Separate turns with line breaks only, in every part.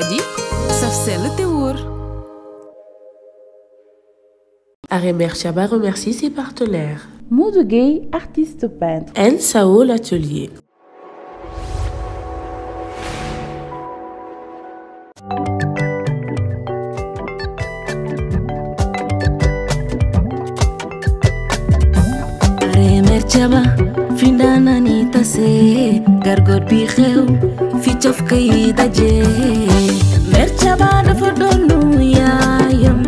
fajkat yi Chaba remercie ses partenaires. Moudou Gay artiste peintre. Sao l'atelier. Chaba. se gargoor bi xew fi cof kay daje mer caba dafa doonu yaayam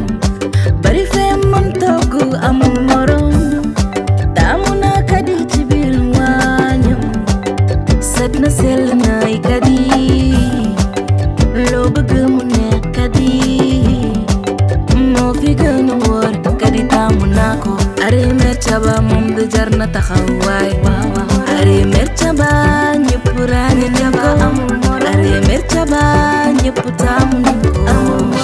bari fem mom togg amul morom daamu na kadi ci biir waañam set na sell kadi loo bëgg mu nekk kadi moo fi gën woor kadi taamu ko are mer caba moom da jar taxaw waay waaw waaw chaba nyipura nyipura amumora ne mer chaba nyiputa amumora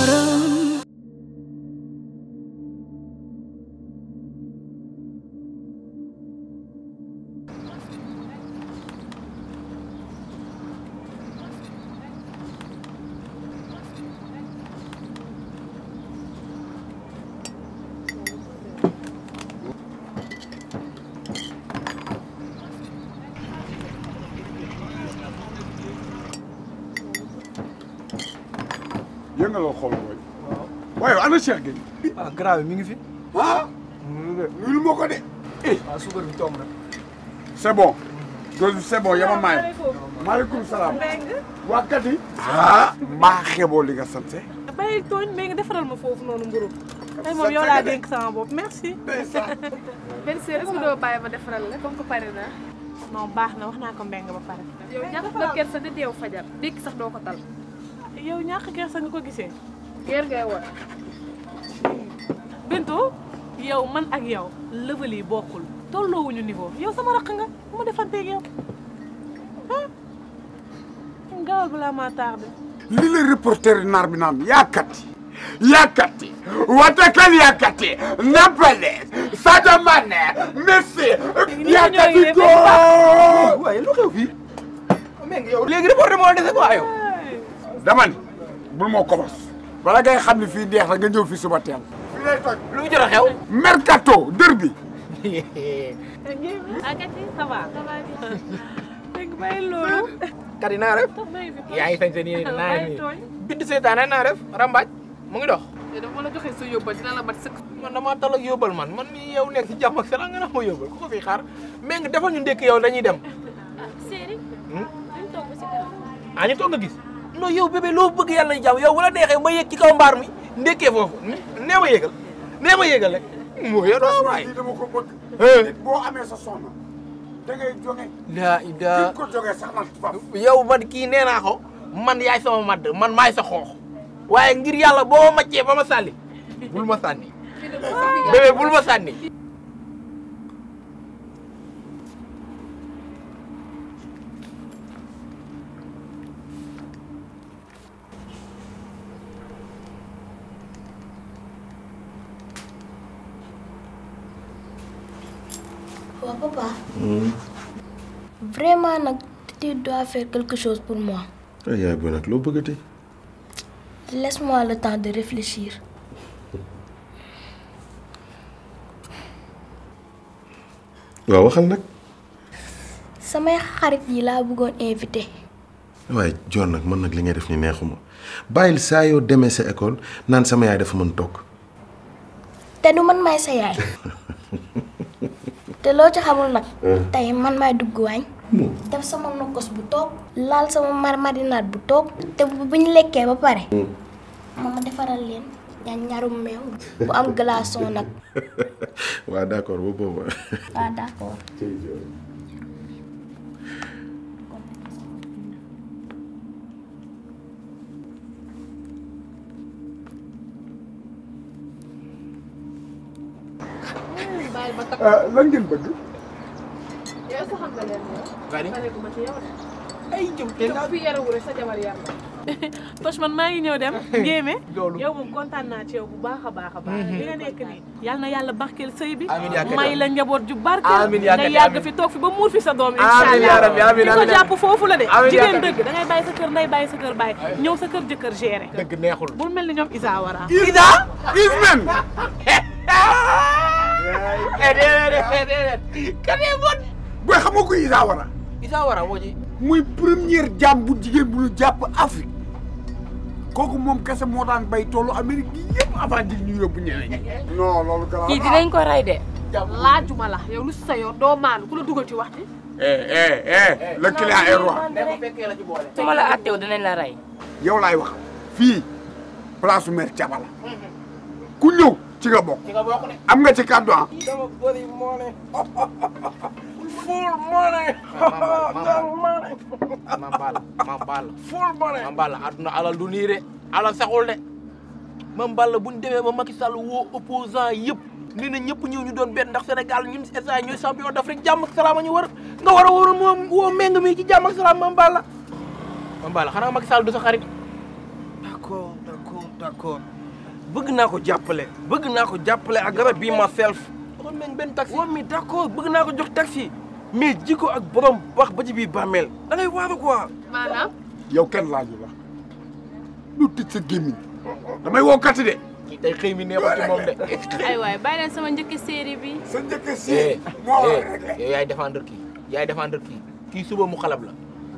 yëngaloo xool mooy.
waaye ana Cheikh Gueye. ah garaaw mi ngi fi. ah. lu ma ko de. Eh, ah suukar bi toog na. c' est bon. loolu maaleykum salaam. waa ah. mbaa xeboo li nga sant. bàyyi tooñ mais nga defaral ma foofu noonu mburu tey moom yow laa dénk sama bopp merci. benn sœur est-ce doo bàyyi ma defaral la comme que pare naa. non baax na wax naa ko mbeng ba pare. yow ñàkk nga kersa di deew fajar dikk sax doo ko tal. yow ñàkk kersa nga ko gisee. ger ngay war. Bintu yow man ak yow level yi bokkul tolloowuñu niveau yow sama raq nga mu defanteeg yow ah
gaawal balaa maa tardé.
li la reporter naar bi naan yaakati yaakati watakal yaakati Nampalys Sadio Messi. yaakati góor léegi reporter moo dese quoi yow. daman ni bul moo kobos wala ngay xamni fi neex deex nga ñew fi suba tel
fi lay toj lu ñu jara xew.
mercato derby.
akati ça va. ça va dégg bàyyi loolu. kati naa def. yaa ngi sañ seen yéen naa def
bind seetaan naa def rambaaj mu ngi dox. te dama la joxe su yobal dina la bat seuk man dama tal ak yobal man man mi yow nekk ci jamm ak sa nga na ma yobal ko fi xaar me nga defal ñu ndek yow dañuy dem. Ah, seri Serigne. Hmm? dañu toog ba si kanam. Ah, nga gis. non yow bébé loo bëgg yàlla jàmm yow wala neexee ma yëg ci kaw mbaar mi ndekkee foofu nee ma yëgal nee ma yëgal rek moo yor waay dama ko boo amee sa soxna da ngay jóge laa ida ko jóge sax man kii nee naa ko man yaay sama madd man maay sa xoox waaye ngir yàlla boo ma maccee ba ma sàlli bul ma sànni bébé bul ma sànni
vraiment nak tu dois faire quelque chose pour moi.
ah yaay booy nag loo bëggati.
laisse-moi le temps de réfléchir. Wa waxal nak. samay xarit yi laa bëggoon invité.
waaye jor nak man nak li ngay def ni neexuma Bayil saa yoo demee sa école naan sama yaay dafa mën tok.
Té nu man may sa yaay. te loo ci xamul nak eh. tay man may dugg wañ. def sama nukus bu toog sama mar marinaat bu toog te bu ñu lekkee ba pare mama defaral leen ñaan ñarum mew um. bu am glaçon nag
waaw d'accord ba booba
waaw d'accord
lan ngeen bëgg bari ay jom te la fi yara wure sa jabar yàlla parce man maa ngi ñëw dem Ndiémé yow moom kontaan naa ci yow bu baax a baax a baax li nga nekk nii yal na yàlla barkeel sëy bi may la njaboot ju barkeel nga yàgg fi toog fi ba muur fi sa doom inshallah di ko jàpp foofu la de jigéen dëgg da ngay bàyyi sa kër nday bàyyi sa kër bàyyi ñëw sa kër jëkkër géré dëgg neexul bul mel ni ñoom Isa wara Isa Ismen déedéet déedéet kan bon booy xam nga ko Isa wara isa war a woji muy première jaam bu jigéen bu ñu jàpp Afrique kooku moom kese moo daan bay tollu Amérique gi avant di ñu yóbbu ñeneen ñi. non loolu garaaw kii dinañ ko rey de. laajuma la yow lu si sa man. doo maanu ku la duggal ci waxtu. eh eh eh le client est roi.
ko ma la wu dinañ la ray
yow lay wax Fi. place mer tiabala ku ñëw ci nga bok
ci nga bok né am nga ci kàddu ah.
Full money. Mambal Mambal full money. Mambal àdduna alal du nii de alal saxul de Mambal la bu ñu ba Macky Sall wo opposant yépp ni na ñëpp ñëw ñu doon benn ndax Sénégal ñun SA ñooy champion d'Afrique jamm ak salam ñu wër nga wara a mo wo meng mi ci jamm ak salam Mambal la. Mambal xanaa Macky Sall du sa xarit. d'accord d'accord d'accord bëgg naa ko jappalé, bëgg naa ko jàppale ak garab bii ma self. woon nañ benn taxi Wo mi d'accord bëgg naa ko jox taxi. mais jikko ak borom wax ba ci biir bàmmeel da ngay waaru quoi. maanaam. yow kenn laaju la lu tëj sa damay woo kati de. tey xëy mi neexul ci moom de.
ay waay bàyyi leen sama njëkk séeri bi. sa njëkk eh, séeri. moo eh, eh, yaay
défendre kii yaay défendre kii kii suba mu xalab la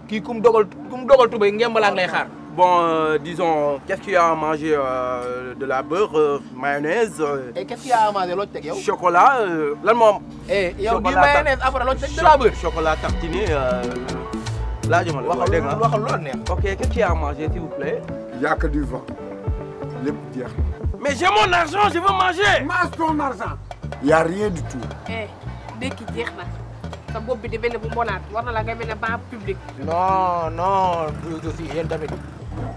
kii kum dogal kum dogal tubay ngembalaa lay xaar. Bon, euh, disons, qu'est-ce qu'il y a à manger euh, De la beurre, euh, mayonnaise. Et qu'est-ce qu'il y a à manger l'autre Chocolat. là, moi. Et il y a du mayonnaise après de la beurre. Chocolat tartiné. là, je m'en vais. Ok, qu'est-ce qu'il y a à manger, s'il vous plaît Il n'y a que du vent. Les Mais j'ai mon argent, je veux manger. Mange ton argent. Il n'y a rien du tout. Eh, dès qu'il dit sa non, bi di mel ne bu non non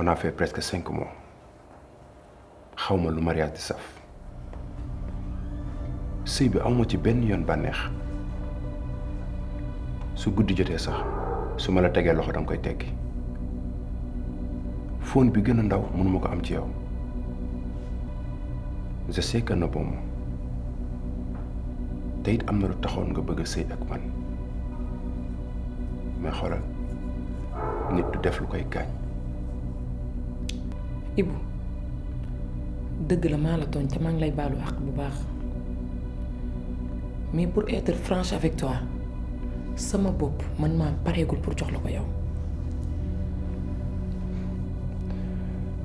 on a fait presque cinq mois xawma lu mariage di saf sëy bi awma ci benn yoon bànneex su guddi jotee sax su ma la tegee loxo dam koy teggi fóon bi gën a ndaw mënuma ko am ci yow je sais que nëbboo ma te it am na lu taxoon nga bëgg a sëy ak man mais xoolal nit du def lu koy gaañ Ibu dëgg la maa la tooñ te maa ngi lay baalu àq bu baax mais pour être franche avec sama bopp man maa pareegul pour jox la ko yow.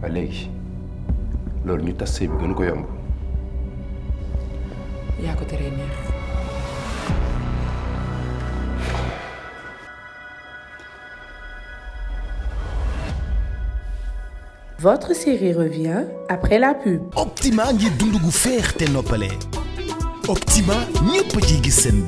waaw léegi loolu ñu tas sëy bi gën ko yomb. yaa ko teree neex.
Votre série revient après la pub.
Optima ngir dund faire féex nos palais. Optima nous ci gis seen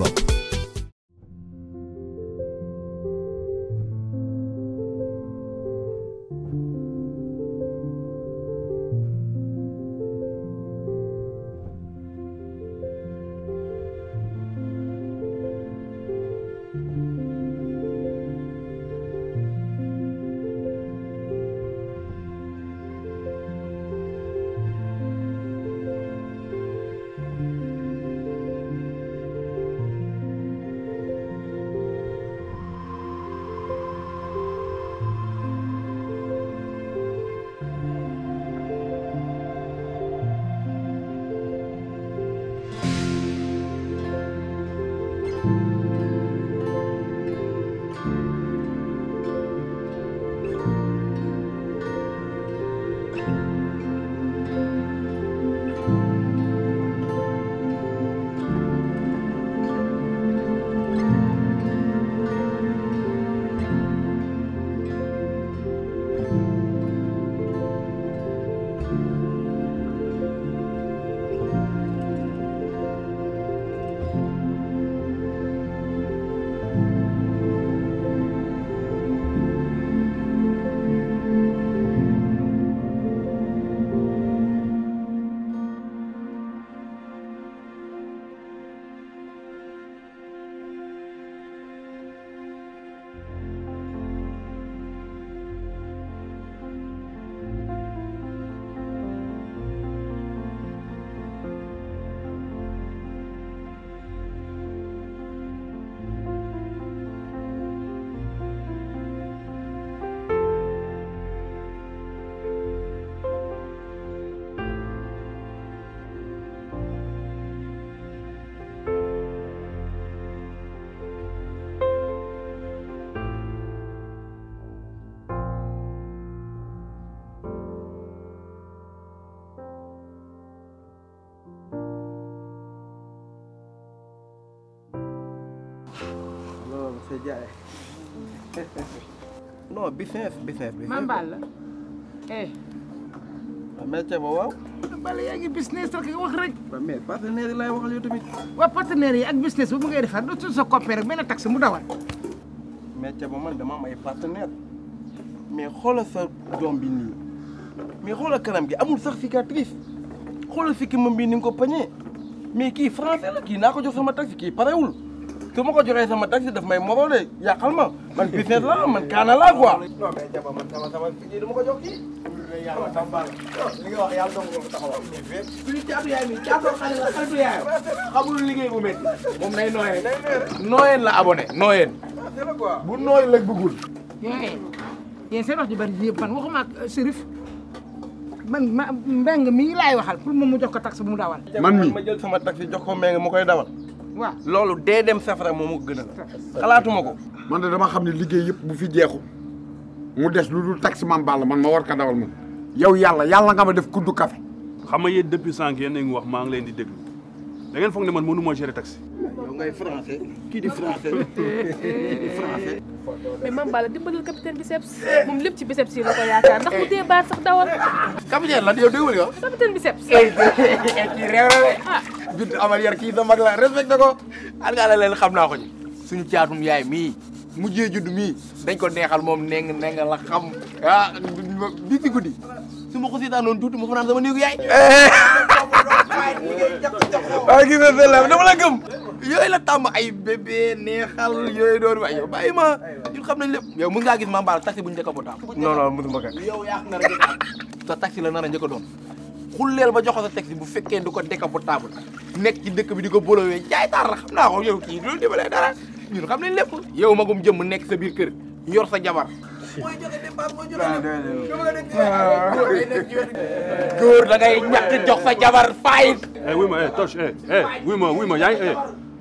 Ndiaye non business business business Mame eh métier ba waaw Balla yaa ngi business rek nga wax rek ba mais partenaire yi laay waxal yow tamit waa partenaire yi ak business bu mu ngay defar dootul sa coppee rek benn taxe mu dawal métier ba man dama am partenaire mais xoolal sa doom bi nii mais xoolal kanam gi amul sax cicatrice xoolal sikki moom bi ni nga ko pañee mais kii français la kii naa jox sama taxi kii parewul suma ko joxe sama taxi daf may morole yakal ma man business la man kana la quoi. non mais jaba man sama sama fii du ma jox kii. yang sama baal li dong ko taxawal. suñu caatu yaay mi caatoo xale la xaritu yaay xamul liggéey bu métti. moom nay nooyeen. nooyeen bu nooyeen la bëggul. yang ya. ya, seen wax ju bari yëpp fan waxuma ak eh, Serif man ma Mbengue mii ya waxal pour moom mu jox ko man mii ma sama taxi jox ko Mbengue mu koy waaw loolu dee dem safara moom moo gën a xalaatuma ko. man de dama xam ne liggéey yëpp bu fi jeexu mu des lu dul taxi man Balla man ma war ka dawal moom. yow yàlla yàlla nga ma def kuddu café. xam nga yéen depuis sànq yéen a ngi wax maa ngi leen di déglu da ngeen foog ne man mënu ma gérer taxi. yow ngay français kii di français kii di français. mais Mame Balla dimbalal capitaine biceps moom lépp ci biceps yi la ko yaakaar dee baar sax dawal. capitaine lan yow déglu nga. capitaine biceps.
kii réew la de. Ah.
Bintu Amal yar kii sa mag la respecté ko. an la leen xam naa ko ci suñu caatum yaay mii mujjee judd mii dañ ko neexal moom neng neng la xam ah bi ci ma ko ma fanaan sama néegu yaay. Eh. waaye gis nga la gëm. yooyu la tàmm ay bébé neexal yooyu doon waaye yow bàyyi ma ñun xam nañ lépp. yow mën ngaa gis Mame Balla taxi bu ñu décapotable. non non mënuma ko. yow yaa ngi nar a njëkk sa taxi la nar a njëkk a doon xulleel ba joxo sa taxi bu fekkee du ko décapotable nekk ci dëkk bi di ko bolowee jaay taar la xam naa ko yow kii loolu dimbalee dara ñun xam nañ lépp. yow magum jëmm nekk sa biir kër yor sa jabar. mooy joxe dépense mooy
joxe
góor da ngay ñàkk jox sa jabar fayit. eh wuy ma eh Toch eh eh wuy ma wuy ma yaa ngi eh.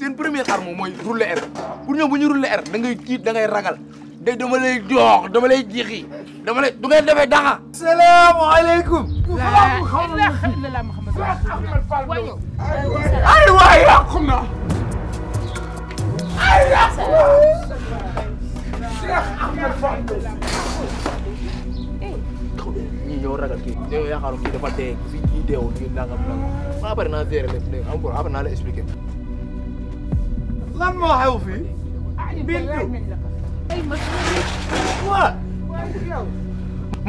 seen premier arme moy rouler air pour ñoom bu ñu rouler air da ngay tiit da ngay ragal day dama lay jox dama lay jiixi dama lay du ngay defee dara. alaykum ay way yàqu ay yàqu na. Cheikh Ahmed ragal kii ñoo yaakaaru kii dafa dee fii kii deewul kii lan moo xew fii. Bintu waaw.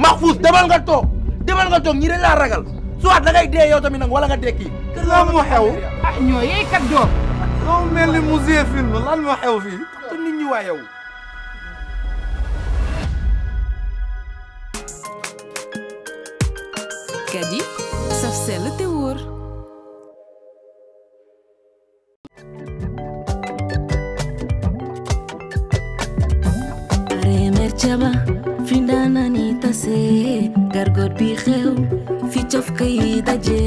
Mahfouz nga toog demal nga to ñi dañ laa ragal soit dangay dee yow tamit nag wala nga dekki. lan moo xew. ah ñoo yey kat doom. soo mel ni musée film lan moo xew fii. te nit ñi waa yow.
Kadi te wóor. gisee gargot bi xew fi cof kay daje